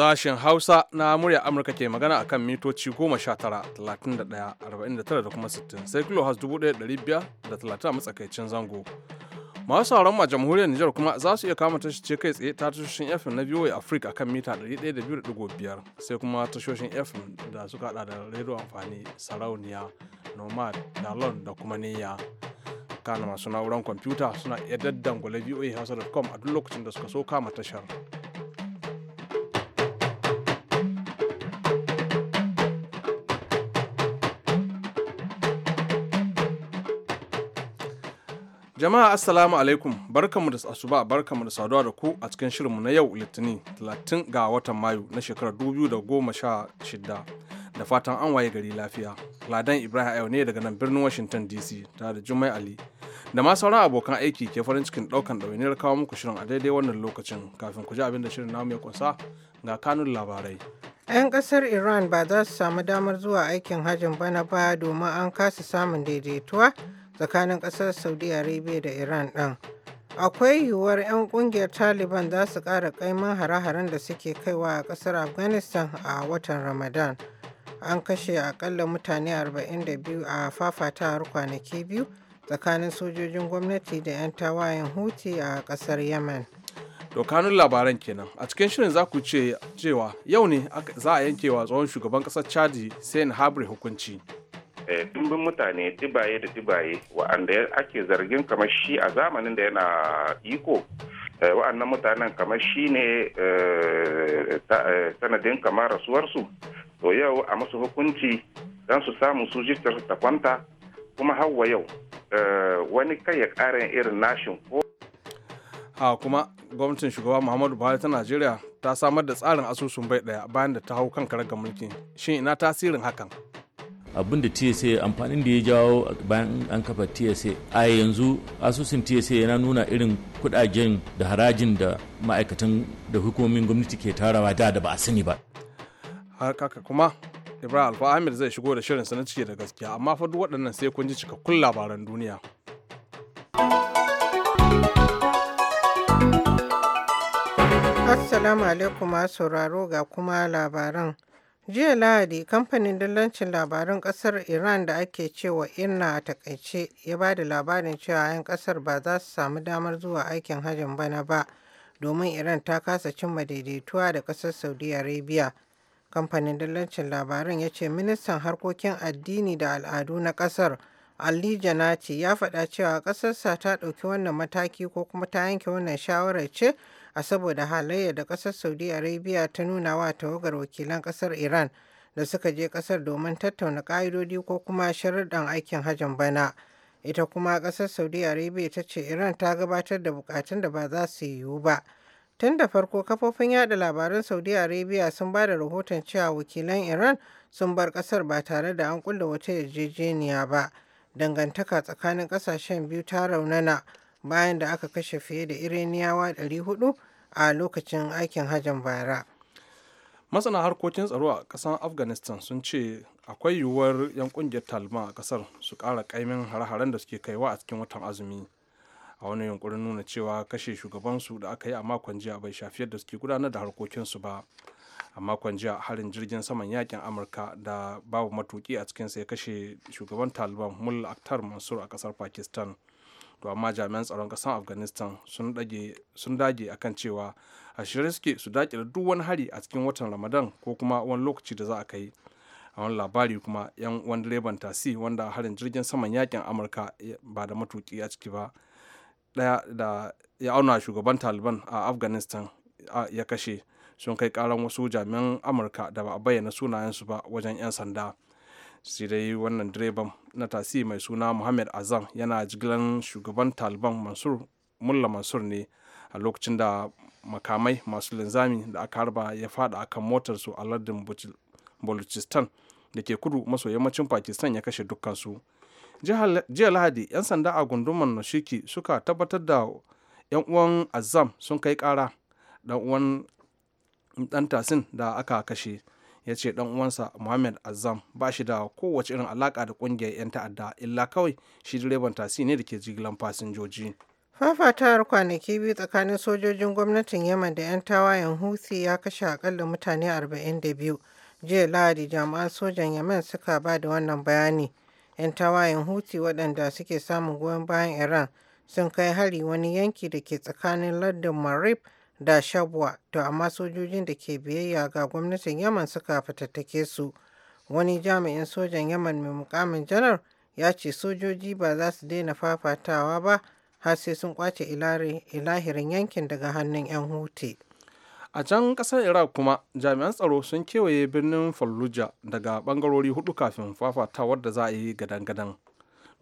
Sashen Hausa na murya Amurka ke magana a kan mitoci 19,31,49 da kuma 60 sai da 1,530 a matsakaicin zango. Masu sauran ma jamhuriyar Nijar kuma za su iya kama ce kai tsaye ta tashoshin FM na VOA Africa kan mita 102.5 sai kuma tashoshin FM da suka hada da rediyo amfani sarauniya, nomad, dalon da kuma niyya. Kana masu na'urar kwamfuta suna iya daddangula Hausa.com a duk lokacin da suka so kama tashar. Jama'a Assalamu alaikum barkanmu da asuba barkanmu da saduwa da ku a cikin shirinmu na yau Litinin 30 ga watan Mayu na shekarar 2016 da fatan an waye gari lafiya. Ladan Ibrahim Ayo ne daga nan birnin Washington DC tare da Jummai Ali da ma sauran abokan aiki ke farin cikin ɗaukan ɗawainiyar kawo muku shirin a daidai wannan lokacin kafin ku ji abin da shirin namu ya kunsa ga kanun labarai. 'Yan ƙasar Iran ba za su samu damar zuwa aikin hajjin bana ba domin an kasa samun daidaituwa tsakanin kasar saudi arabia da iran ɗin akwai yiwuwar 'yan kungiyar taliban za su kara kaiman hare-haren da suke kaiwa a kasar afghanistan a watan ramadan an kashe akalla mutane 42 a har kwanaki biyu tsakanin sojojin gwamnati da 'yan tawayen huti a kasar yemen dokanin labaran kenan a cikin shirin za ku ce cewa yau ne za a yankewa tsohon shugaban kasar chadi sen habri hukunci Eh, dimbin mutane dibaye da dibaye wa'anda ake zargin kamar shi a zamanin da yana iko eh, wa'annan mutanen kamar shi ne eh, sanadin kamar rasuwarsu to yau a musu hukunci don su samu su jistar ta kwanta kuma hawa yau wani kai ya karin irin nashin ko a kuma gwamnatin shugaba muhammadu buhari ta najeriya ta samar da tsarin asusun bai daya bayan da ta hau kan ga mulki shin ina tasirin hakan abinda da tsa amfanin da ya jawo bayan an kafa tsa a yanzu asusun tsa yana nuna irin kudajen da harajin da ma'aikatan da hukumomin gwamnati ke tarawa da da ba a sani ba har kaka kuma ibrahim alfa ahmed zai shigo da shirin na cike da gaskiya amma fa duk waɗannan sai kun ji cikakkun labaran duniya assalamu alaikum sauraro ga kuma labaran Jiya Lahadi, kamfanin dillancin labarun kasar Iran da ake cewa Irna a takaice ya ba da labarin cewa 'yan kasar ba za su samu damar zuwa aikin hajjin bana ba domin Iran ta kasa cimma daidaituwa da kasar Saudi Arabia. Kamfanin dillancin labarun ya ce ministan harkokin addini da al'adu na kasar Ali Janati ya faɗa cewa ƙasarsa ta ɗauki wannan mataki ko kuma ta yanke wannan shawarar ce a saboda halayya, da ƙasar Saudi Arabia ta nuna wa tawagar wakilan ƙasar Iran da suka je ƙasar domin tattauna ƙa'idodi ko kuma sharuɗan aikin hajjin bana. Ita kuma ƙasar Saudi Arabia ta ce Iran ta gabatar da buƙatun da ba za su yiwu ba. Tun da farko kafofin yada labaran Saudi Arabia sun ba da rahoton cewa wakilan Iran sun bar ƙasar ba tare da an kulle wata yarjejeniya ba. Dangantaka tsakanin ƙasashen biyu ta raunana bayan da aka kashe fiye da iraniyawa 400 a lokacin aikin hajjan bara masana harkokin tsaro a ƙasar afghanistan sun ce akwai yiwuwar 'yan ƙungiyar taliban a ƙasar su ƙara ƙaimin hare-haren da suke kaiwa a cikin watan azumi a wani yunkurin nuna cewa kashe shugabansu da aka yi a makon jiya bai shafi yadda suke gudanar da harkokinsu ba a makon jiya harin jirgin saman yakin amurka da babu matuki a cikinsa ya kashe shugaban taliban mul akhtar mansur a kasar pakistan to amma jami'an tsaron kasan afghanistan sun dage akan cewa a shirye suke su dakile duk wani hari a cikin watan ramadan ko kuma wani lokaci da za a kai a wani labari kuma yan wani direban tasi wanda harin jirgin saman yakin amurka ba da matuki a ciki ba daya da ya auna shugaban taliban a afghanistan ya kashe sun kai karan wasu jami'an amurka da ba a bayyana sunayensu ba wajen 'yan sanda sai dai wannan direban na tasi mai suna muhammad azam yana jigilan shugaban taliban mansur mulla mansur ne a lokacin da makamai masu linzami da aka harba ya fada a kan motarsu a lardin baluchistan da ke kudu maso yammacin pakistan ya kashe dukkansu jiya lahadi 'yan sanda a gunduman nashiki suka tabbatar da 'yan uwan azam sun kai kara dan uwan dan tasin da aka kashe ya ce dan uwansa muhammad azam ba shi da kowace irin alaka da kungiyar 'yan ta'adda illa kawai shi direban tasi ne da ke jigilan fasinjoji fafatawar kwanaki biyu tsakanin sojojin gwamnatin yaman da 'yan tawayen huthi ya kashe akalla mutane 42 jiya lahadi jami'an sojan yaman suka ba da wannan bayani 'yan tawayen huthi waɗanda suke samun goyon bayan iran sun kai hari wani yanki da ke tsakanin lardin marib da Shabwa, to amma sojojin da ke biyayya ga gwamnatin Yaman suka fatattake su. Wani jami'in sojan Yaman mai mukamin janar ya ce sojoji ba za su daina fafatawa ba har sai sun kwace ilahirin yankin daga hannun 'yan hute. A can ƙasar Iraq kuma jami'an tsaro sun kewaye birnin Fallujah daga bangarori hudu kafin fafatawar da za a yi gadan-gadan.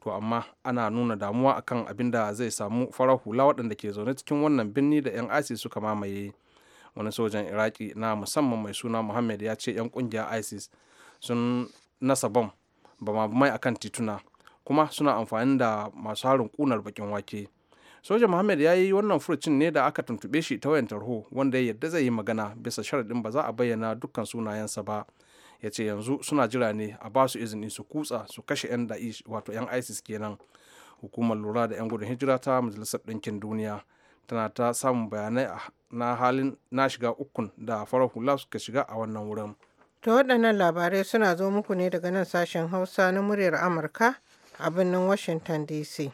to amma ana nuna damuwa akan abin da zai samu farar hula waɗanda ke zaune cikin wannan birni da 'yan isis suka mamaye wani sojan iraki na musamman mai suna muhammad ya ce 'yan ƙungiyar isis sun nasa bom ba mai akan tituna kuma suna amfani da masu harin ƙunar bakin wake soja muhammad ya yi wannan furucin ne da aka tuntuɓe shi ta wayan tarho wanda ya yarda zai yi magana bisa sharaɗin ba za a bayyana dukkan sunayensa ba ya ce yanzu suna jira ne a ba su izini su kutsa su kashe 'yan da'ish wato 'yan isis kenan hukumar lura da 'yan gudun hijira ta majalisar ɗinkin duniya tana ta samun bayanai na halin na shiga ukun da farar hula suka shiga a wannan wurin to waɗannan labarai suna zo muku ne daga nan sashen hausa na muryar amurka a birnin washington dc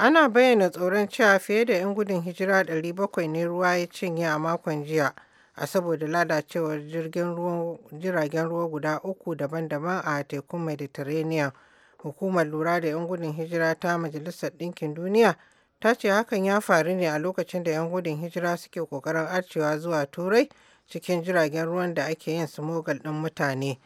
Ana bayyana tsoron cewa fiye da 'yan gudun hijira 700 ne ruwa ya cinye a makon jiya a saboda lalacewar jiragen ruwa guda uku daban-daban a tekun Mediterranean. Hukumar lura da 'yan gudun hijira ta Majalisar Ɗinkin Duniya ta ce hakan ya faru ne a lokacin da 'yan gudun hijira suke ƙoƙarin arcewa zuwa Turai cikin jiragen ruwan da ake yin smogal ɗin mutane.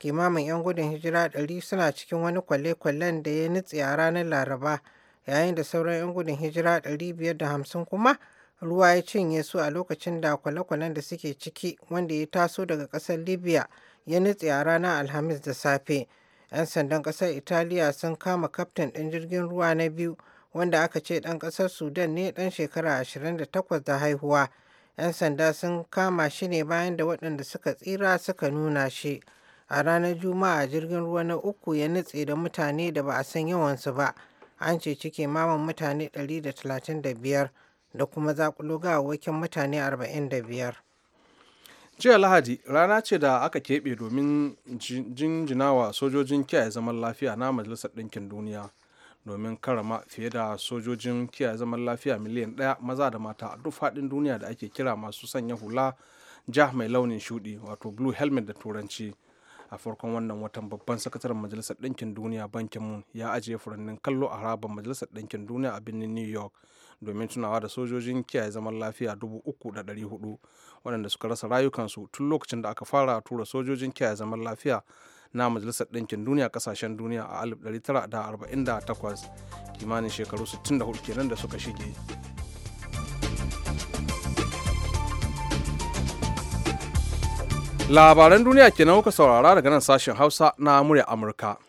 Kimamin 'yan gudun hijira 100 suna cikin wani kwale-kwalen da ya nutse a ranar Laraba. yayin da sauran 'yan gudun hijira 550 kuma ruwa ya cinye su a lokacin da kwale-kwalen da suke ciki wanda ya taso daga ƙasar libya ya nutse a ranar alhamis da safe 'yan sandan ƙasar italiya sun kama kaftin ɗin jirgin ruwa na biyu wanda aka ce ɗan ƙasar sudan ne ɗan shekara 28 da haihuwa 'yan sanda sun kama shi ne bayan da waɗanda suka tsira suka nuna shi a ranar juma'a jirgin ruwa na uku ya nutse da mutane da ba a san yawansu ba an ceci maman mutane 135 da kuma zakulo waken mutane 45. jiya lahadi rana ce da aka keɓe domin jinjinawa sojojin kiyaye zaman lafiya na majalisar ɗinkin duniya domin karama fiye da sojojin kiyaye zaman lafiya miliyan ɗaya maza da mata a duk faɗin duniya da ake kira masu sanya hula ja mai launin shuɗi wato blue helmet da turanci a farkon wannan watan babban sakataren majalisar ɗinkin duniya bankin mun ya ajiye furannin kallo a harabar majalisar ɗinkin duniya a birnin new york domin tunawa da sojojin kiyaye zaman lafiya 3,400 waɗanda suka rasa rayukansu tun lokacin da aka fara tura sojojin kiyaye zaman lafiya na majalisar ɗinkin duniya ƙasashen duniya a ɗari tara da da arba'in 1948 kimanin shekaru 64 kenan da suka shige. labaran duniya kenan kuka saurara daga nan sashen hausa na murya amurka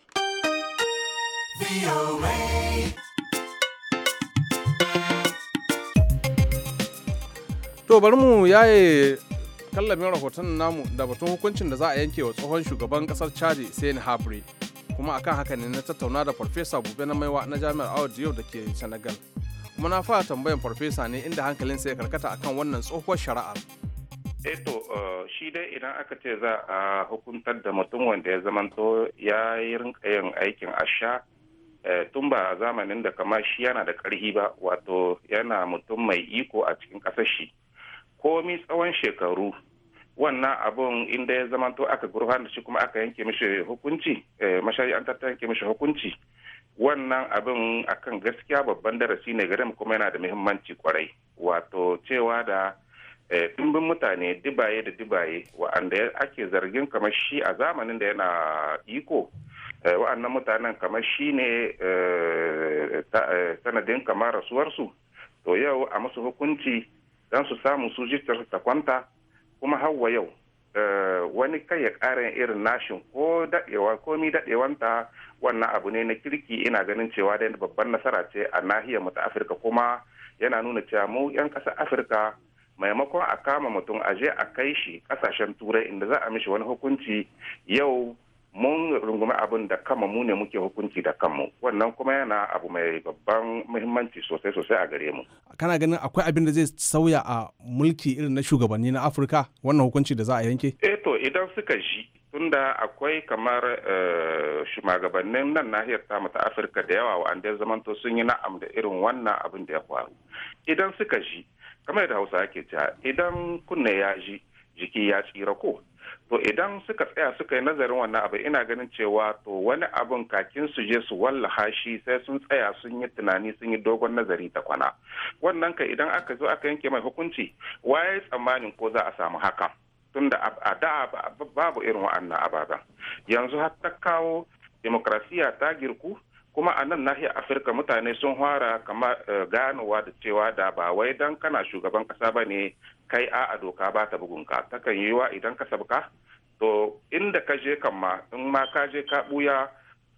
to bari mu yaye kallamin rahoton namu da batun hukuncin da za a yanke wa tsohon shugaban kasar chadi Sen habre kuma akan haka ne na tattauna da farfesa gobe na maiwa na jami'ar awad yau da ke senegal kuma na fara tambayan farfesa ne inda hankalinsa ya karkata akan wannan tsohuwar shari'ar eto eh eh, shi dai idan aka ce za a hukuntar da mutum wanda ya zamanto ya yi aikin asha eh, tun ba zamanin da kama shi yana da ƙarhi ba wato yana mutum mai iko a cikin ƙasar shi komi tsawon shekaru wannan abun inda ya zamanto aka gurfan da shi kuma aka yanke mishi hukunci an tattara yanke mishi hukunci wannan abin akan gaskiya babban darasi ne gare mu kuma yana da muhimmanci kwarai wato cewa da Eh, ɗumbin mutane dibaye da dibaye wa'anda ake zargin kamar shi a zamanin da yana iko eh, wa'annan mutanen kamar shi ne eh, sanadin kamar rasuwarsu to yau a musu hukunci don su samu su ji ta kwanta kuma hawa yau wani kai ya ƙara irin nashin ko daɗewa ko mi daɗewanta wannan abu ne na kirki ina ganin cewa da babban nasara ce a nahiyar mu ta afirka kuma yana nuna cewa mu 'yan ƙasar afirka maimakon a kama mutum a je a kai shi kasashen turai inda za a mishi wani hukunci yau mun rungumi abin da kama mu ne muke hukunci da kanmu wannan kuma yana abu mai babban muhimmanci sosai sosai a gare mu kana ganin akwai abin da zai sauya a mulki irin na shugabanni na afirka wannan hukunci da za a yanke eh to idan suka ji tunda akwai kamar eh, shugabannin nan nahiyar tamu ta afirka da yawa wa'anda ya zamanto sun yi na'am da irin wannan abin da ya faru idan suka ji. kamar da hausa yake cewa idan kunne ya ji jiki ya tsira ko to idan suka tsaya suka yi nazarin wannan abu ina ganin cewa to wani abun kakin su je su wallaha shi sai sun tsaya sun yi tunani sun yi dogon nazari ta kwana wannan ka idan aka zo aka yanke mai hukunci waye tsammanin ko za a samu haka tunda a da babu irin wa'annan ababen yanzu har ta kawo demokrasiya ta girku kuma a nan nahiyar afirka mutane sun fara kama eh, ganowa da cewa da ba wai dan kana shugaban kasa ba ne kai a a doka ba ta bugunka takan yi wa idan ka sabuka to inda ka je kan ma in ma ka je ka buya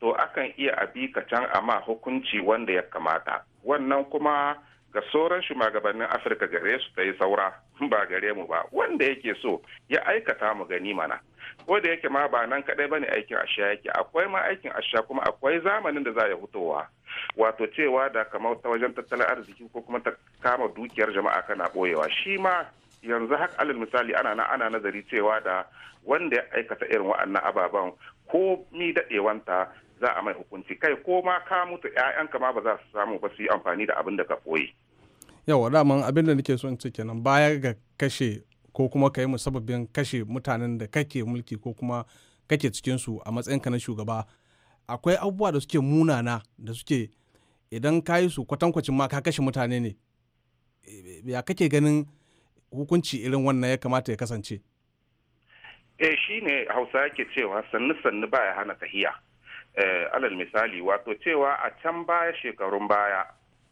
to akan iya abi ka can amma hukunci wanda ya kamata wannan kuma ga sauran shugabannin afirka gare su ta yi saura ba gare mu ba wanda yake so ya aikata mu gani mana ko da yake ma ba nan kadai bane aikin asha yake akwai ma aikin asha kuma akwai zamanin da za ya hutowa wato cewa da kamar ta wajen tattalin arziki ko kuma ta kama dukiyar jama'a kana boyewa shi ma yanzu haka alal misali ana na ana nazari cewa da wanda ya aikata irin wa'annan ababen ko mi dadewanta za a mai hukunci kai ko ma ka mutu 'ya'yanka ma ba za su samu ba su yi amfani da abin da ka koyi yawa daman abin da nake so in ce kenan baya ga kashe ko kuma ka yi musabbabin kashe mutanen da kake mulki ko kuma kake cikinsu a matsayinka na shugaba akwai abubuwa da suke munana da suke idan ka yi su kwatankwacin ma ka kashe mutane ne eh, ya kake ganin hukunci irin wannan ya kamata ya kasance eh shi ne hausa yake cewa sannu-sannu baya hana tahiya eh, alal misali wato cewa a can baya shekarun baya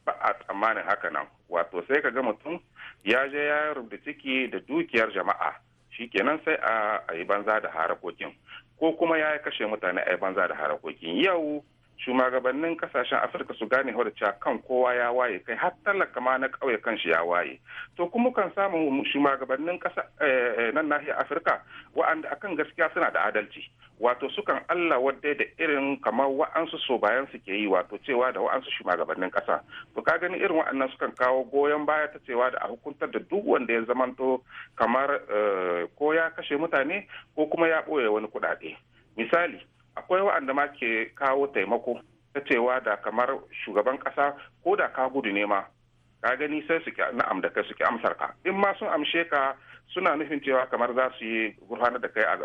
ba a tsammanin haka nan wato sai ka ga mutum ya je ya rubuta ciki da dukiyar jama'a shi shikenan sai a yi banza da harakokin ko kuma ya kashe mutane a yi banza da harakokin yau shugabannin kasashen afirka su gane da cewa kan kowa ya waye kai har talaka ma na kauye kan shi ya waye to kuma kan samu shugabannin ƙasa eh, eh, nan nahiyar afirka wa'anda akan gaskiya suna da adalci wato sukan Allah wadda da irin kamar wa'ansu so bayan su ke yi wato cewa da wa'ansu shugabannin kasa to ka gani irin wa'annan sukan kawo goyon baya ta cewa da a hukuntar da duk wanda ya zamanto kamar eh, ko ya kashe mutane ko kuma ya ɓoye wani kuɗaɗe misali akwai wa'anda ma ke kawo taimako ta cewa da kamar shugaban kasa ko da ka gudu nema ma ka gani sai su na'am da kai suke amsar ka in ma sun amshe ka suna nufin cewa kamar za su yi gurfanar da kai a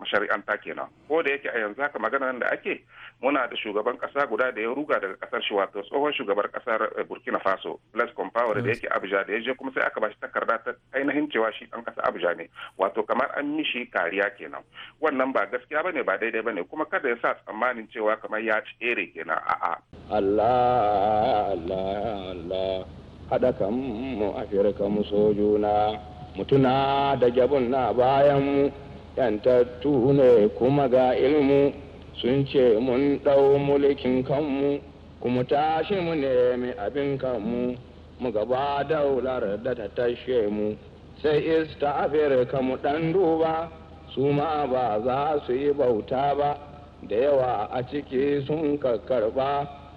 mashari'anta kenan ko da yake a yanzu haka maganar da ake muna da shugaban kasa guda da ya ruga daga kasar shi wato tsohon shugabar kasar eh, burkina faso plus compower da yake abuja da ya je kuma sai aka bashi takarda ta ainihin cewa shi dan kasa abuja ne wato kamar an mishi kariya kenan wannan ba gaskiya bane ba daidai bane kuma kada ya sa tsammanin cewa kamar ya tsere kenan a'a Allah Allah Allah haɗa kan mu afirka mu sojuna mutuna da gabun na bayan mu yantattu ne kuma ga ilmu sun ce mun ɗau mulkin kanmu kuma tashi mu nemi abin kanmu mu gaba daular da ta tashe mu sai ista afirka mu ɗan duba su ma ba za su yi bauta ba da yawa a ciki sun ba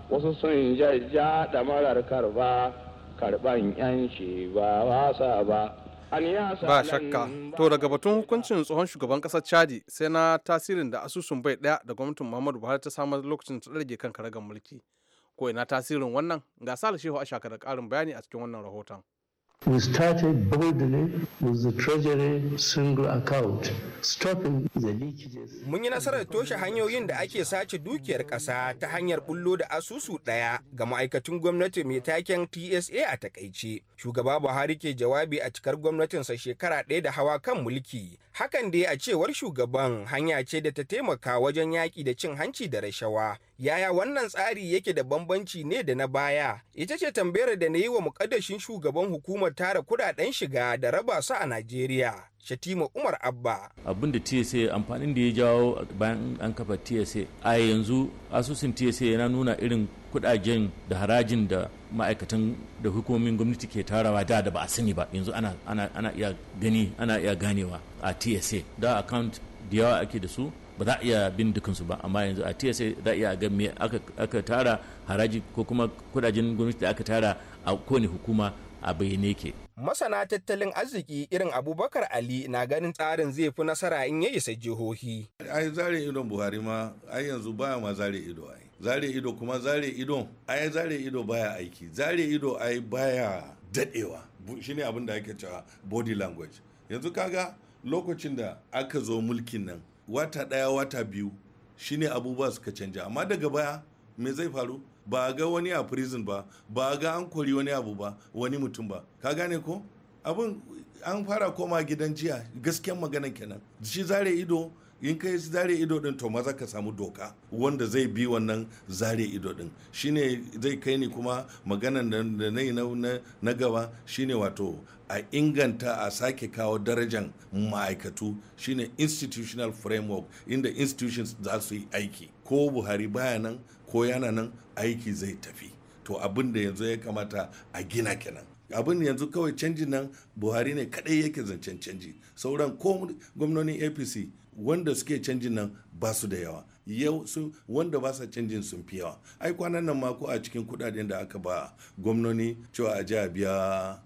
wasu sun jajja da marar karba karban yanci ba wasa ba ba shakka to daga batun hukuncin tsohon shugaban kasar chadi sai na tasirin da asusun bai daya da gwamnatin muhammadu buhari ta samar lokacin ta rage kan karagar mulki ko ina tasirin wannan ga sa a shaka da karin bayani a cikin wannan rahoton We started boldly with the Treasury single account, stopping the leakages. Mun yi nasarar toshe hanyoyin da ake sace dukiyar ƙasa ta hanyar bullo da asusu ɗaya ga ma'aikatun gwamnati mai taken TSA a takaice. Shugaba Buhari ke jawabi a cikar gwamnatinsa shekara ɗaya da hawa kan mulki. Hakan dai a cewar shugaban hanya ce da ta taimaka wajen yaƙi da cin hanci da rashawa. Yaya wannan tsari yake da bambanci ne da na baya? Ita ce tambayar da na yi wa mukaddashin shugaban hukumar tara kudaden shiga da raba su a Najeriya. Shatima Umar Abba. Abin da TSA amfanin da ya jawo bayan an kafa TSA a yanzu asusun TSA yana nuna irin kudajen da harajin da ma'aikatan da hukumomin gwamnati ke tarawa da da ba a sani ba yanzu ana, iya gani ana iya ganewa a TSA da account da yawa ake da su ba za a iya bin dukansu ba amma yanzu a tsa za a iya ga me aka tara haraji ko kuma kudajen gwamnati da aka tara a kowane hukuma a bayyane ke masana tattalin arziki irin abubakar ali na ganin tsarin zai fi nasara in ya isa jihohi ai zare idon buhari ma ai yanzu baya ma zare ido ai zare ido kuma zare ido ai zare ido baya aiki zare ido ai baya dadewa shine abin da ake cewa body language yanzu kaga lokacin da aka zo mulkin nan wata ɗaya wata biyu shine abubuwa suka canja amma daga baya me zai faru ba ga wani a prison ba ba ga an kori wani abu ba wani mutum ba ka gane ko abin an fara koma gidan jiya gasken magana kenan shi zare ido in ka yi zare ido din to maza ka samu doka wanda zai bi wannan zare ido din shine zai kai ni kuma magana da na yi na gaba shine wato a inganta a sake kawo darajan ma'aikatu shine institutional framework inda institutions za su yi aiki ko buhari baya nan ko yana nan aiki zai tafi to abin da yanzu ya kamata a gina kenan abin yanzu kawai canjin nan buhari ne kadai yake zancen canji sauran ko gwamnonin apc wanda suke canjin nan ba su da yawa yau su wanda ba sa canjin sun fi yawa ai kwanan nan ma ko a cikin kudaden da aka ba gwamnoni cewa a a biya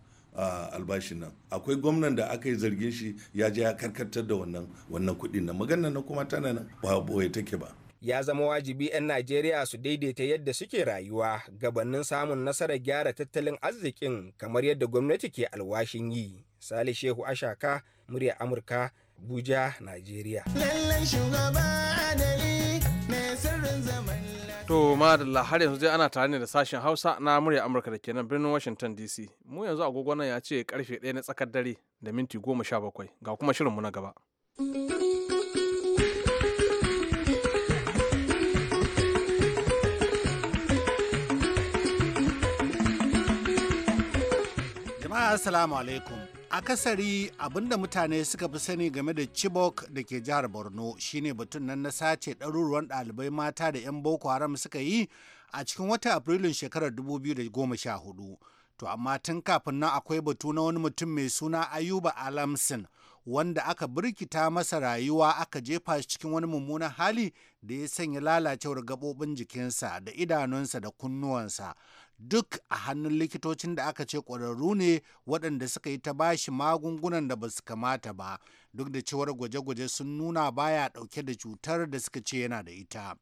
albashin nan akwai gwamnan da aka yi zargin shi ya je ya karkatar da wannan wannan kudi nan magana na kuma tana nan ba boye take ba ya zama wajibi 'yan Najeriya su daidaita yadda suke rayuwa gabanin samun nasarar gyara tattalin arzikin kamar yadda gwamnati ke alwashin yi. salihu Shehu Ashaka, murya Amurka Abuja, Najeriya. Lallai shugaba adali mai sirrin zaman To madalla har yanzu dai ana tare ne da sashen Hausa na murya Amurka da kenan birnin Washington DC. Mu yanzu agogo nan ya ce karfe ɗaya na tsakar dare da minti goma sha bakwai ga kuma shirinmu na gaba. Jama'a Assalamu alaikum. akasari abinda mutane suka fi sani game da chibok da ke jihar borno shine batun nan na sace ɗaruruwan ɗalibai mata da 'yan boko haram suka yi a cikin wata afrilun shekarar 2014 to amma tun kafin nan akwai batu na wani mutum mai suna ayuba alamsin wanda aka birkita masa rayuwa aka jefa shi cikin wani mummunan hali da ya sanya lalacewar gaɓoɓin jikinsa da idanunsa da kunnuwansa duk a hannun likitocin da aka ce ƙwararru ne waɗanda suka yi ta bashi magungunan da ba su kamata ba duk da cewar gwaje-gwaje sun nuna baya ɗauke da cutar da suka ce yana da ita.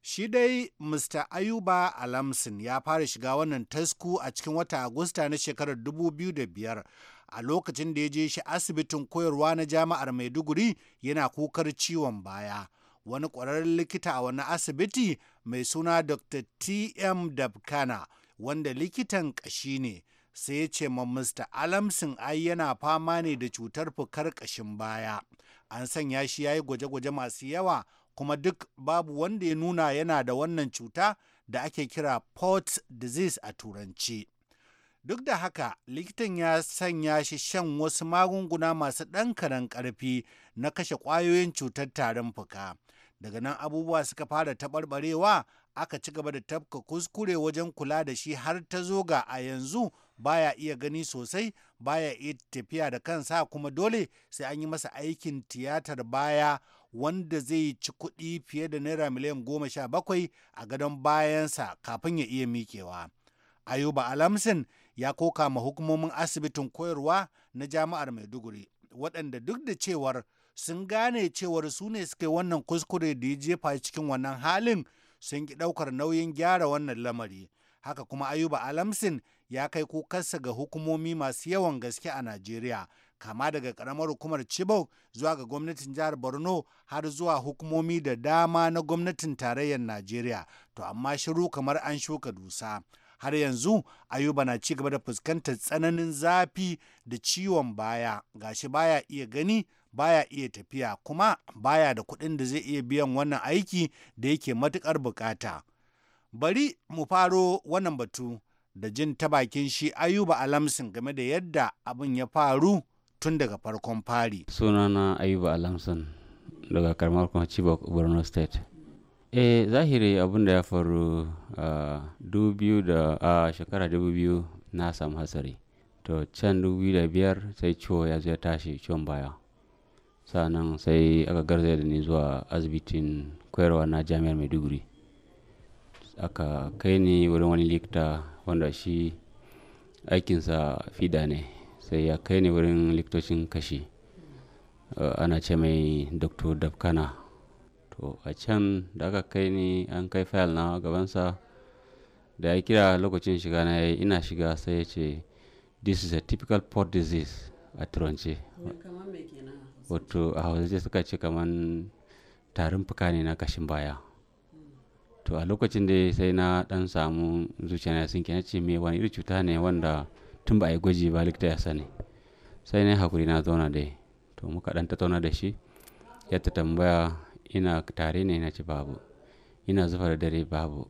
Shi dai Mr. Ayuba Alamsin ya fara shiga wannan tasku a cikin wata Agusta na shekarar 2005 a lokacin da ya je shi asibitin koyarwa na jami'ar Maiduguri yana kukar ciwon baya. Wani ƙwararren likita a wani asibiti mai suna Dr. T.M. Dabkana. wanda likitan ƙashi ne sai ya ce ma Mr. Alamsin ai yana fama ne da cutar fukar ƙashin baya. An sanya shi ya yi gwaje-gwaje masu yawa kuma duk babu wanda ya nuna yana da wannan cuta da ake kira Port disease a turanci. Duk da haka likitan ya sanya shi shan wasu magunguna masu ɗan ƙarfi na kashe ƙwayoyin cutar tarin fuka. Daga nan abubuwa suka fara taɓarɓarewa aka ci gaba da tafka kuskure wajen kula da shi har ta zo ga a yanzu baya iya gani sosai baya iya tafiya da kansa kuma dole sai an yi masa aikin tiyatar baya wanda zai ci kuɗi fiye da naira miliyan goma sha bakwai a gadon bayansa kafin ya iya miƙewa. Ayuba Alamsin ya koka ma hukumomin asibitin koyarwa na jama'ar Maiduguri waɗanda duk da cewar sun gane cewar su ne suke wannan kuskure da ya jefa cikin wannan halin sun ki ɗaukar nauyin gyara wannan lamari. Haka kuma Ayuba Alamsin ya kai kukarsa ga hukumomi masu yawan gaske a Najeriya, kama daga karamar hukumar Chibok zuwa ga gwamnatin jihar Borno har zuwa hukumomi da dama na gwamnatin tarayyar Najeriya, to amma shiru kamar an shuka dusa. har yanzu ayuba na ci gaba da fuskantar tsananin zafi da ciwon baya gashi baya iya gani baya iya tafiya kuma baya da kuɗin da zai iya biyan wannan aiki da yake matuƙar bukata. Bari mu faro wannan batu da jin ta bakin shi Ayuba Alamsin game da yadda abin ya faru tun daga farkon fari. Sunana Ayuba Alamsin daga karamar Chibok Borno State. E zahiri abin da ya faru a uh, shekara dubu biyu na samu hatsari. To can dubu biyar sai ciwo ya zo ya tashi ciwon baya. sa'annan sai aka garzaya da ni zuwa asibitin koyarwa na jami'ar maiduguri aka kai ni wurin wani likita wanda shi aikinsa fida ne sai ya kai ni wurin likitocin kashi eh, ana ce mai dr dafkana to a can da aka kai ni an kai fayal na gabansa da ya kira lokacin shiga na yayi ina shiga sai ya ce this is a typical port disease a Turanci. wato a hausance suka ce kaman tarin fuka ne na kashin baya to a lokacin da sai na dan samu zuciya na sun kenan ce me wani iri cuta ne wanda tun ba a yi gwaji ba likita ya sani sai na hakuri na zauna da to muka dan tattauna da shi ya ta tambaya ina tare ne na ci babu ina zufa da dare babu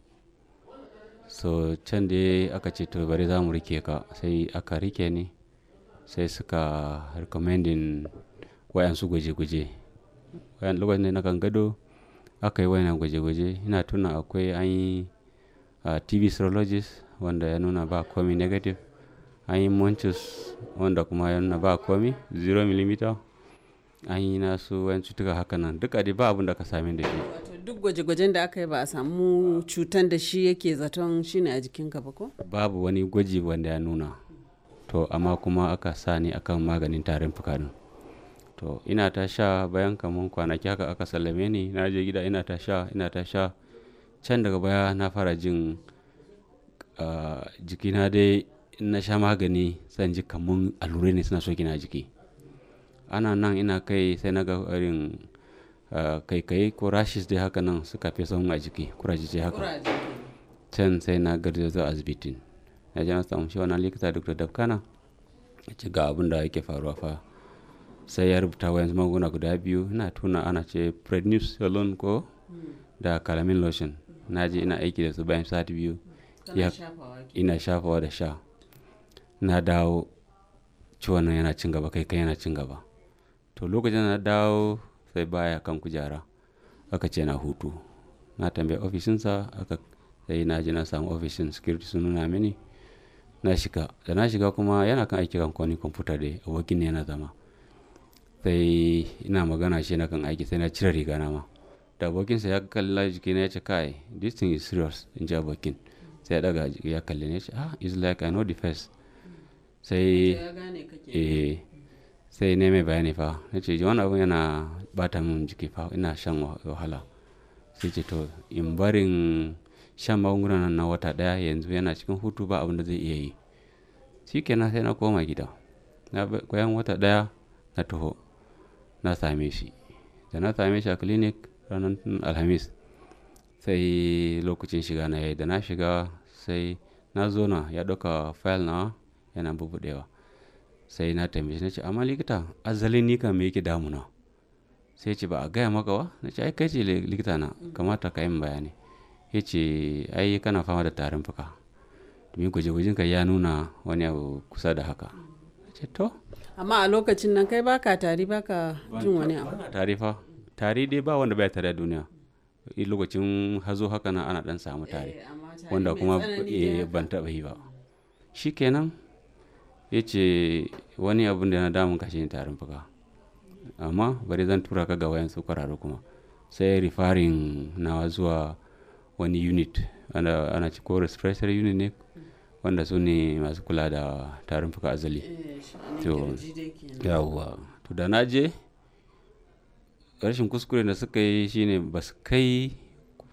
so can da aka ce to bari za mu rike ka sai aka rike ni sai suka recommending su gwaje-gwaje wayan lokacin da na kan gado aka yi wayan gwaje-gwaje ina tuna akwai an yi uh, ah, tv serologist wanda ya nuna ba komi negative an yi monchus wanda kuma ya nuna ba komi 0 mm an yi nasu wayan cutuka haka nan duka dai ba abin ka sami da shi duk gwaje-gwajen da aka yi ba a samu cutan da shi yake zaton shine a ka ba ko babu wani gwaji wanda ya nuna to amma kuma aka sa ni akan maganin tarin fuka to ina ta sha bayan kaman kwanaki haka aka sallame ni na je gida ina ta sha ina ta sha can daga baya na fara jin jikina dai na sha magani zan ji kamun alure ne suna so gina jiki ana nan ina kai sai na ga irin kai ko rashis dai haka nan suka fi son a jiki kurajeje haka can sai na garje zuwa asibitin na je na samu shi wannan likita dr dabkana ya ci ga abin da yake faruwa fa sai ya rubuta yanzu magunguna guda biyu na tuna ana ce prednews salon ko hmm. da kalamin lotion na je ina aiki da su bayan sati biyu ina shafawa da sha na dawo ciwon nan yana cin gaba kai kai yana cin gaba to lokacin na dawo sai baya kan kujara aka ce na hutu na tambayi ofishinsa aka sai na je na samu ofishin security sun nuna mini na shiga da na shiga kuma yana kan aiki kan kwani kwamfuta da abokin ne yana zama sai ina magana shi na kan aiki sai na cire riga na ma da abokinsa ya kalla jikina ya ce kai this thing is serious in ji abokin sai ya daga ya kalli ne ce ah is like I know the face sai eh sai ne mai bayani fa na ce wani abu yana bata min jiki fa ina shan wahala sai ce to in barin shan magungunan na wata daya yanzu yana cikin hutu ba abin da zai iya yi kenan sai na koma gida na koyan wata daya na toho na same shi da na same shi a clinic ranar alhamis sai lokacin shiga na yayi da na shiga sai na zo na ya ɗauka fayil na yana bubuɗewa sai na tambaye shi na ce amma likita azalin ni kan me yake damuna sai ce ba a gaya maka ba na ce ai kai ce likita na kamata ka yin bayani ya ce ai kana fama da tarin fuka domin gwaje-gwajen ka ya nuna wani abu kusa da haka to amma a lokacin nan kai baka tari baka jin wani abu ba tari fa tari dai ba wanda baya tare a duniya lokacin hazo haka nan ana dan samu tari eh, wanda kuma eh, ban taba yi ba shikenan yace wani abu da na damun kashe ne tarin fuka amma bari zan tura ka ga wayan su kwararo kuma sai referring nawa zuwa wani unit ana ci ko respiratory unit ne wanda su ne masu kula da tarin fuka azali eh, to yawwa to da na je rashin kuskure da suka yi shine ba su kai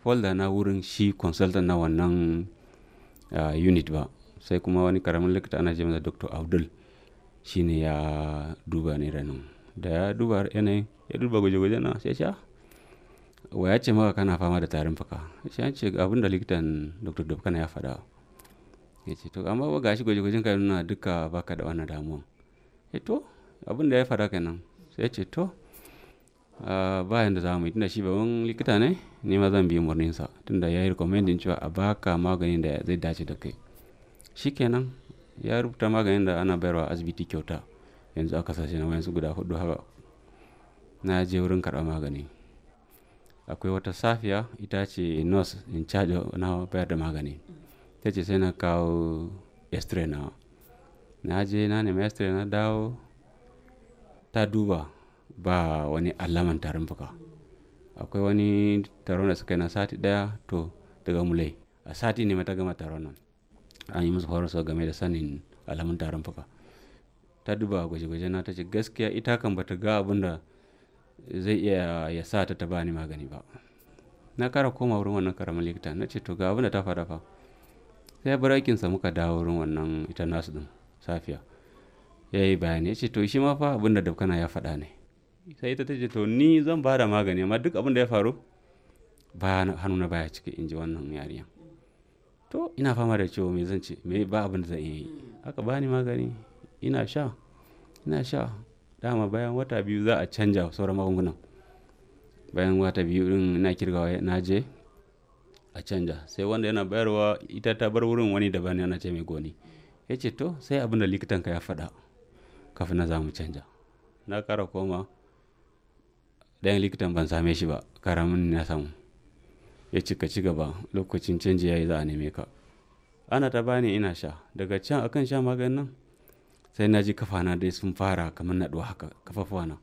folda na wurin shi consultant na wannan unit ba sai kuma wani karamin likita ana ce masa dr abdul shine ya duba ne ranin da ya duba yanayin ya duba gwaje-gwaje na sai sha ah, wa ya ce maka kana fama da tarin fuka shi ya ce abin da likitan dr dubkana ya faɗa ya ce to amma ba gashi gwaje-gwajen ka nuna duka baka da wannan damuwa. ya to abin da ya fara kenan sai ya ce to ba yanda za mu yi tunda shi wani likita ne ni ma zan bi murninsa tunda ya yi recommending cewa a baka maganin da zai dace da kai kenan ya rubuta maganin da ana bayarwa asibiti kyauta yanzu aka sashi na wayansu guda hudu haka na je wurin karɓar magani akwai wata safiya ita ce nurse in charge na bayar da magani ta ce sai na kawo x na na je na ne x na dawo ta duba ba wani alaman tarin fuka akwai wani taron da suka na sati daya to daga mulai a sati ne mata gama taron nan an yi musu horo game da sanin alamun tarin fuka ta duba gwaje-gwaje na ta ce gaskiya ita kan bata ga abin da zai iya ya sa ta ta bani magani ba na kara koma wurin wannan karamin likita na ce to ga abin da ta fara fa sai birakinsa muka dawo wurin wannan ita nasu din safiya ya yi bayani ya ce to shi ma fa abin da dabkana ya faɗa ne sai ita ta ce to ni zan ba da magani amma duk abin da ya faru na baya ciki in ji wannan yariyan to ina fama da ciwo me zan ce me ba abin da zan yi aka bani magani ina sha ina sha dama bayan wata biyu za a canja sauran magungunan bayan wata biyu din ina kirgawa na je a canja sai wanda yana bayarwa ita ta bar wurin wani daban yana ce mai goni ya ce to sai abin da likitanka ya faɗa kafin na za mu canja na ƙara koma ɗayan likitan ban same shi ba karamin na samu ya ci ka ci gaba lokacin canji ya yi za a neme ka ana ta bani ina sha daga can akan sha maganin nan sai na ji kafana dai sun fara kamar naɗuwa haka kafafuwa na.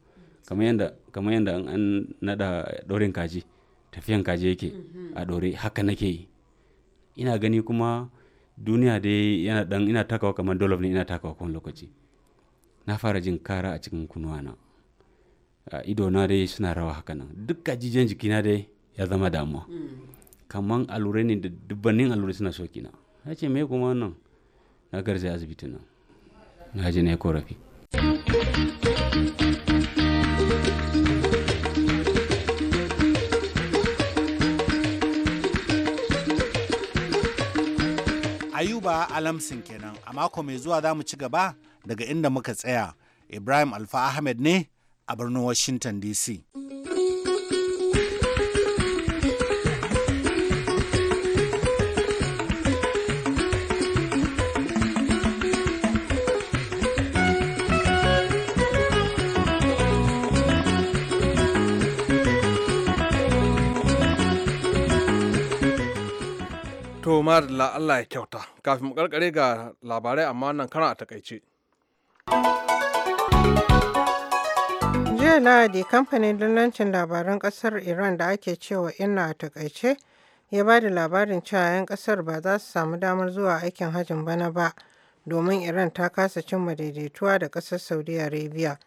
kamar yadda an naɗa ɗorin kaji tafiyan kaje yake mhm. a ɗore haka nake yi ina gani kuma duniya dai yana dan ina takawa kamar dolof ne ina takawa kowane lokaci na fara jin kara a cikin kunuwana a na dai suna rawa haka nan duk jijiyan jikina dai ya zama damuwa mm. kamar alure ne da dubbanin alure suna sokina na ce me kuma wannan na garzaya asibiti nan na ji na yi korafi ayuba alamsin kenan a mako mai zuwa za mu ci gaba daga inda muka tsaya ibrahim alfa ahmed ne a birnin washington dc To da Allah ya kyauta. Kafin mu karkare ga labarai amma nan kana a takaice. Jiya Lahadi kamfanin dillancin labaran kasar Iran da ake cewa ina a takaice ya ba da labarin cewa 'yan kasar ba za su samu damar zuwa aikin hajjin bana ba domin Iran ta kasa cimma daidaituwa da kasar Saudi Arabia.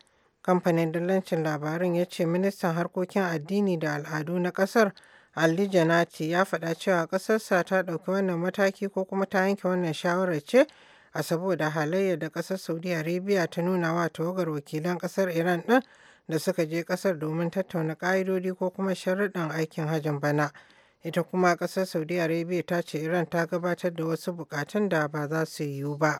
Kamfanin dillancin labarin ya ce ministan harkokin addini da al'adu na kasar Ali Janati ya faɗa cewa ƙasarsa ta ɗauki wannan mataki ko kuma ta yanke wannan shawarar ce a saboda halayyar da ƙasar Saudi Arabia ta nuna wa tawagar wakilan ƙasar Iran ɗin da suka je ƙasar domin tattauna ƙa'idodi ko kuma sharuɗan aikin hajjin bana. Ita kuma ƙasar Saudi Arabia ta ce Iran ta gabatar da wasu buƙatun da ba za su yiwu ba.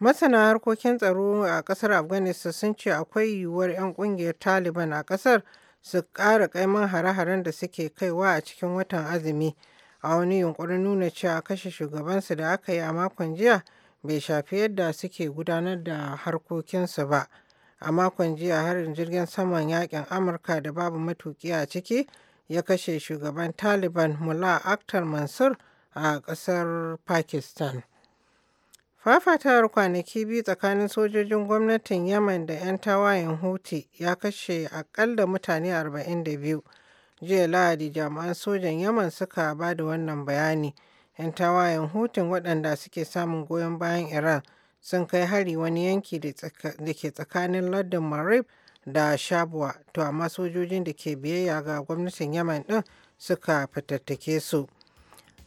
Masana harkokin tsaro a ƙasar Afghanistan sun ce akwai yiwuwar 'yan ƙungiyar Taliban a ƙasar su ƙara ƙaimin hare-haren da suke kaiwa a cikin watan azumi a wani yunkurin nuna cewa kashe shugabansu da aka yi a makon jiya bai shafi yadda suke gudanar da harkokinsu ba a makon jiya harin jirgin saman yakin amurka da babu matuƙi a ciki ya kashe shugaban taliban mullah akhtar mansur a ƙasar pakistan Fafatawar kwanaki biyu tsakanin sojojin gwamnatin Yaman da 'yan tawayen Houthi ya kashe akalla mutane 42. Jiya Lahadi jami'an sojan Yaman suka ba da wannan bayani. 'Yan tawayen Houthi waɗanda suke samun goyon bayan Iran sun kai hari wani yanki da ke tsakanin lardin Marib da Shabwa, to amma sojojin da ke biyayya ga gwamnatin Yaman ɗin suka fitattake su.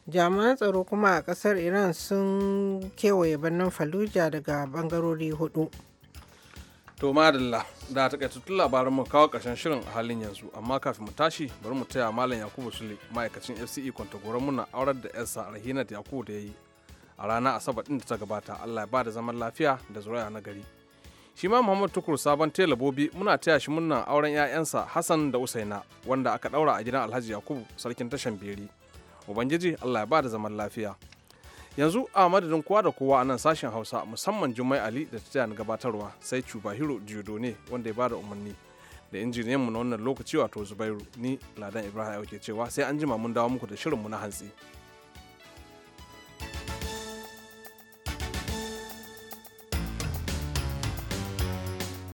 jami'an tsaro kuma a kasar iran sun kewaye birnin fallujah daga bangarori hudu to madalla da ta kaitattun labaran mu kawo karshen shirin a halin yanzu amma kafin mu tashi bari mu taya malam yakubu sule ma'aikacin fce mu muna aurar da yarsa rahinat yakubu da ya yi a rana asabar din da ta gabata allah ya ba da zaman lafiya da zuriya na gari shi ma muhammad tukur sabon telabobi muna taya shi murnan auren 'ya'yansa hassan da usaina wanda aka daura a gidan alhaji yakubu sarkin tashan beri ubangiji allah ya ba da zaman lafiya yanzu a madadin kowa da kowa a nan sashen hausa musamman jummai ali da ta gabatarwa sai cuba hiro ne wanda ya ba da umarni da injiniyan mu na wannan lokaci wato zubairu ni ladan ibrahim ke cewa sai an jima mun dawo muku da shirin mu na hantsi.